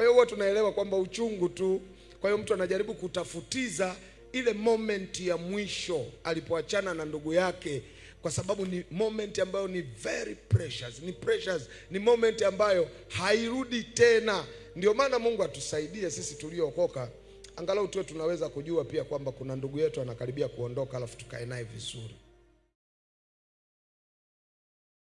Kwa hiyo huwa tunaelewa kwamba uchungu tu. Kwa hiyo mtu anajaribu kutafutiza ile moment ya mwisho alipoachana na ndugu yake, kwa sababu ni moment ambayo ni very precious, ni precious, ni moment ambayo hairudi tena. Ndio maana Mungu atusaidie sisi tuliookoka angalau tuwe tunaweza kujua pia kwamba kuna ndugu yetu anakaribia kuondoka, alafu tukae naye vizuri.